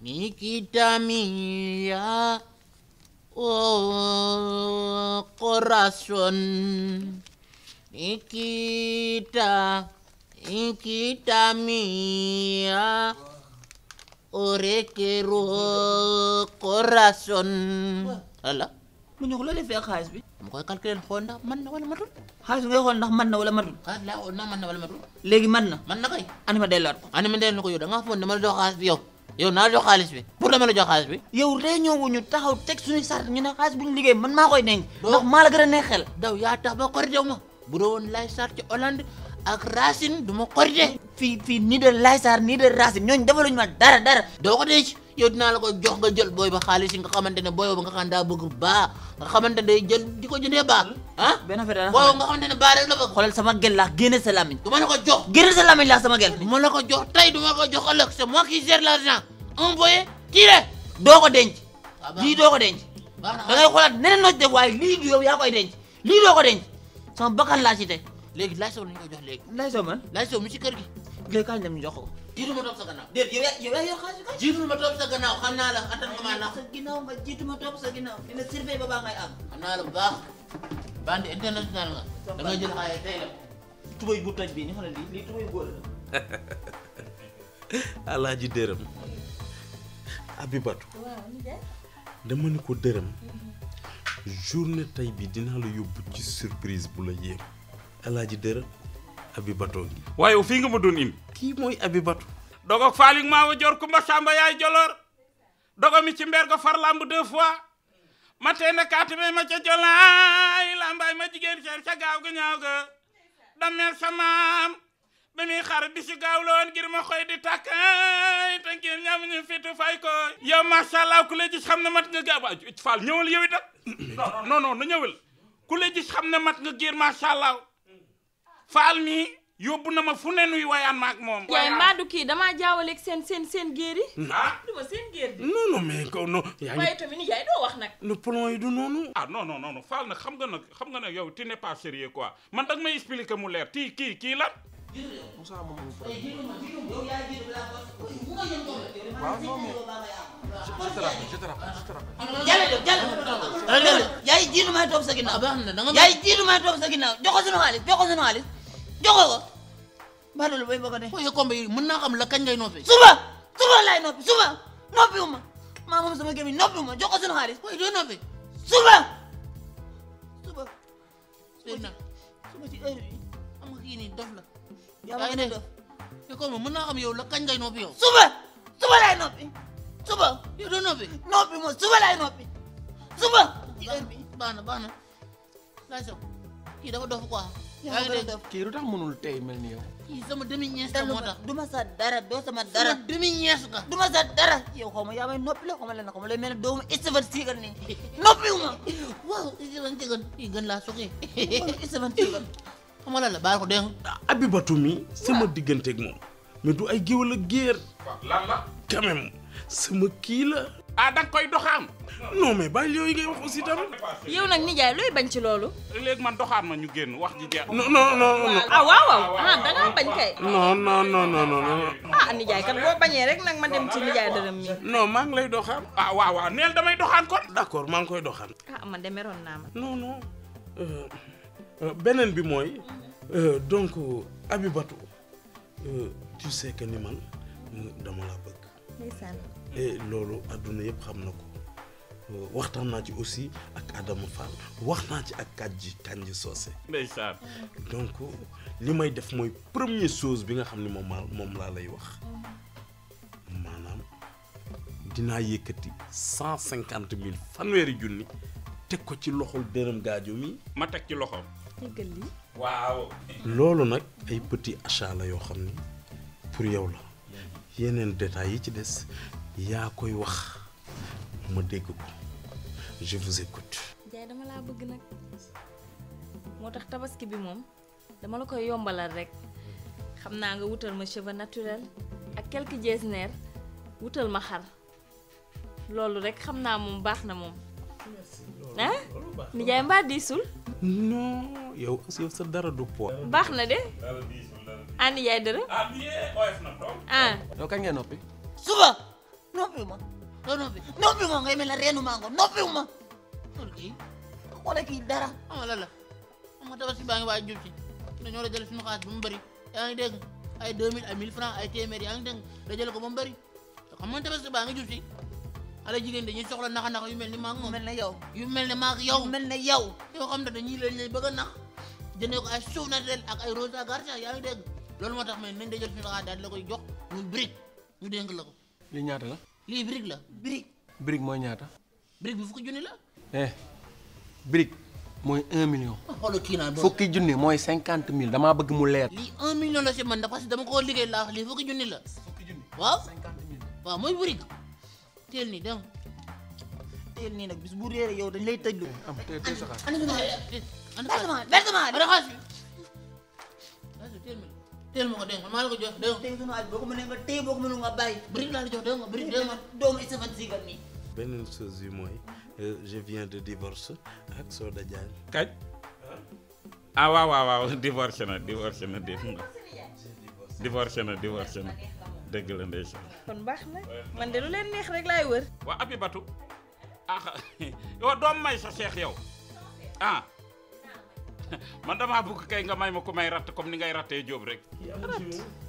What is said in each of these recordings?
Nikita kan Mia Oh Corazon Nikita Nikita Mia Orekero Corazon Hala mu ñu la defé xaliss bi dam koy calculer xol ndax man wala matul xaliss ngay xol ndax man na wala mana? xaliss la xol na mana? na wala matul légui man na man na kay anima delat ko anima del nako yow do yow naa jox xaalis bi pour la ma la jox xaalis bi yow réunion wu ñu taxaw teg suñu sart ñu ne xaalis bu ñu liggéey man maa koy denc ndax maa la gën a neex xel daw yaa tax ba koritew ma bu doo woon lay sar ci Hollande ak Racine du ma korite fii fii nii de lay sar nii de Racine ñooñu defaluñu ma dara dara doo ko denc yow dinaa la ko jox nga jël booy ba xaalis yi nga xamante ne booy ba nga xam daa bëgg baa nga xamante ne jël di ko jëndee baal hmm? ah benn affaire boobu nga xamante ne baal rek la bëgg xoolal sama gel laa génne sa lamiñ du la ko jox génne sa lamiñ laa sama gel du ma la ko jox tey du ma ko jox ëllëg c'est moi qui gère l'argent envoyé tiré doo ko denc ah, lii doo ko denc da ngay xoolaat neneen noo ci def waaye lii yow yaa koy denc lii doo ko denc sama bakkan laa ci teg léegi laaj soo nañu ko jox léegi laaj man laaj soo mu si kër gi léegi kañ dem ñu jox ko Jitu topp sa gannaaw déet yow yaa yow yaa yor xaalis kay jiituma sa gannaaw xam la attan nga maa nax sa ginnaaw nga jiituma topp sa ginnaaw dina surveille ba baa ngay am xam la bu baax international nga da nga jël xaalis tey la tubay bu toj bi ni tubay allah ji abibatu dama ni ko journée bi la ci surprise bu la yéem allah ji abibato ngi waaye o fii nga ma doon indi kii mooy abibato dogo faaling maa wa kumba samba yaay joloor dogo mi ci mbeer far lamb deux fois ma teena kaatime ma ca jolaay lambaay ma jigéen ceer ca gaaw ga ñaaw ga dameel sa maam bi xar bi si gaaw la woon ngir ma xoy di tàkkay te ngir ñam ñu fitu fay ko yow macha allah ku la gis xam ne mat nga gaaw faal ñëwal yow itam non na ñëwal ku la gis xam ne mat nga giir macha allah faal mi yóbbu na ma fu ne nuy wayaan ma ak moom. yaay Madou kii damaa jaawaleeg seen seen seen géer yi. ah du ma seen géer di. non non mais ko non. yaa ngi waaye tamit ni yaay doo wax nag. le plan yi du noonu. ah non non non faal nag xam nga nag xam nga nag yow tu n'es pas sérieux quoi man dag may expliquer mu leer ti kii kii lan. jërëjëf Moussa moom moom. waaw non mais je te rappelle je te rappelle je te rappelle. jërëjëf jërëjëf. yaay jiitu maa toog sa ginnaaw. ah baax na da nga. yaay jiitu maa toog sa ginnaaw jox ko sunu xaalis jox ko sunu xaalis. joxe ko na loolu bay bëgg a dee. waaye combe yi mën naa xam la kañ ngay noppi. suba suba laay noppi suba suba suba. ma gën a dof te combe mën naa yow noppi suba suba doo noppi. noppi moom suba laay noppi suba. ci heure bi baax na baax na laay soog kii dafa dof yaa ngi def kii lu tax mënul tey mel ni yow. kii sama demi ñees la moo tax du ma sa dara doo sama dara. sama demi ñees nga. ma sa dara. yow xaw ma yaa may noppi la xaw ma leen xaw ma leen mel ne doomu Esteban Sigal nii noppi wu ma. waaw Esteban Sigal kii gën laa suqee. Esteban Sigal. xam nga la baal ko dégg nga. Ah, mi sama digganteeg moom mais du ay géwél ak géer. waaw lan la. quand même sama kii la. ah dang koy doxam non mais bàyyi yoy ngay wax aussi tam yow nag nijaay loy bañ ci lolu leg man doxam ma ñu genn wax ji jeex non non non ah waaw waaw ah da nga bañ kay non non non non non ah nijaay kan bo bañee rek nak ma dem ci nijaay deureum mi non ma ngi lay doxam ah waaw waaw neel damay doxaan kon d'accord ma ngi koy doxaan ah ma demeroon na ma non non euh, euh benen bi moy euh donc Abibatu euh tu sais que ni man euh, dama la bëgg loolu àdduna yëpp xam na ko waxtaan naa ci aussi ak Adama Fall wax naa ci ak Kàjji Kànji Soose ndeysaan donc li may def mooy premier chose bi nga xam ni moom moom laa lay wax maanaam dinaa yëkkati cent cinquante mille fanweeri junni teg ko ci loxol dërëm gaajo mi ma teg ci loxo waaw loolu nag ay petit achat yoo xam ni pour yow la yeneen détails ci des yaa koy wax ma dégg ko je vous écoute. vous dama laa bëgg nag moo tax tabaski bi moom dama la koy yombalal rek nga ma cheveux naturel ak quelques getzner wutal ma xar loolu rek xam naa moom baax na moom. Hein? non yow yow sa dara du poids. baax na de. ànd yaay dara. ah ah. yow kañ ngeen noppi. suba noppi ma doo noppi noppi ma ngay mel ne reenu mango noppi ma. wala kii dara. ah la la ma tabaski baa ngi waaj jub ci dañoo dajale suñu xaalis bu mu bëri yaa ngi dégg ay 2000 ay 1000 francs ay téeméer yaa ngi dégg dajale ko ba mu bëri te xam nga tabaski baa ngi jub ci ala jigéen dañuy soxla naxa nax yu mel ni maa ngi moom. mel ne yow yu mel ne maa yow. mel ne yow. yoo xam ne dañuy leen leen bëgg a nax jëndee ko ay suuf naturel ak ay rose à loolu motax may nañ dajal fi xaalis la koy jox mu brique mu deng la ko li ñaata la li brique la brique brique moy ñaata brique bi fukki jooni la eh brique moy 1 million oh, fukki jooni moy 50000 dama bëgg mu leer li 1 million la ci man dafa ci dama ko liggéey la li fukki jooni la fukki jooni waaw 50000 waaw moy tel ni dem tel ni nak bis bu réeré yow dañ lay tëj lu eh, am ana ana ana ana ana ana ana teel ma ko dégg nga maa la ko jox dégg nga. tey sunu àll boo ko mënee nga téye boo ko mënul nga bàyyi. bëri laa la jox dégg nga bëri dégg nga doomu Stéphane Sigal nii. beneen chose yi mooy euh, je viens de divorce ak Soda Diagne. kañ ah waaw waaw waaw divorce na divorce na dégg nga divorce na divorce na dëgg la ndeysaan. kon baax na man de lu leen neex rek laay wër. waa Abibatu ah yow doom may sa seex yow ah. man damaa bëgg kay nga may ma ku may ratt comme ni ngay rattee Jóob rek.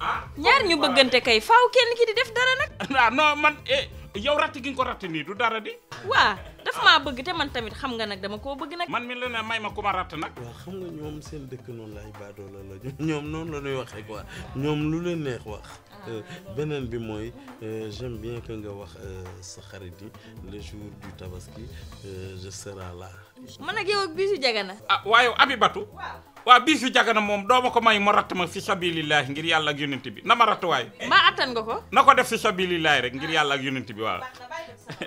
Ah? ñaar ñu bëggante kay faaw kenn ki di def dara nag. ah man eh, yow ratt gi nga ko ratt nii du dara di. waa daf maa bëgg te man tamit xam nga nag dama koo bëgg nag. man mi la ne may ma ku ratt nag. waaw xam nga ñoom seen dëkk noonu laay baadoo la la ñoom noonu la ñuy waxee quoi ñoom lu leen neex wax. Euh, beneen bi mooy euh, j'aime bien que nga wax euh, sa xarit yi le jour du tabaski je serai là. mana ak yow ak bisu jagana ah abi batu wa bisu jagana mom do ma may ma ma fi sabilillah ngir yalla ak yonent bi na marat way ma atan nga ko nako def fi sabilillah rek ngir yalla ak yonent bi wa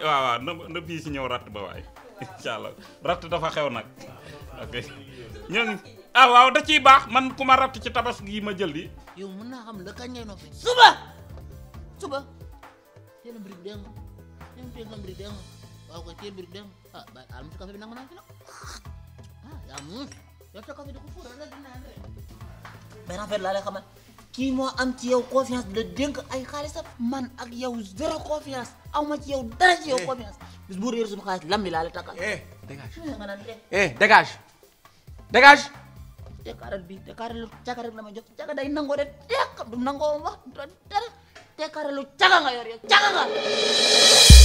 wa wa na na biisu ñëw ba way inshallah allah dafa xew nak ok ñun ah waaw da ci bax man kuma rat ci tabas gi ma jël di yow mën na xam la suba suba teel a mbir dem teel a mbir dem wa ko ci dem ah ba al musu bi nangu naa ci nag ah yaa muus yow sa café kii moo am ci yow confiance di la ay xaalisam man ak yow zéro confiance aw ma ci yow dara ci yow eh. confiance bis bu réer suñu xaalis lam bi la takkal eh, dégage nga naan eh dégage dégage tekkaaral bi tekkaaralu caga rek la ma jox caga day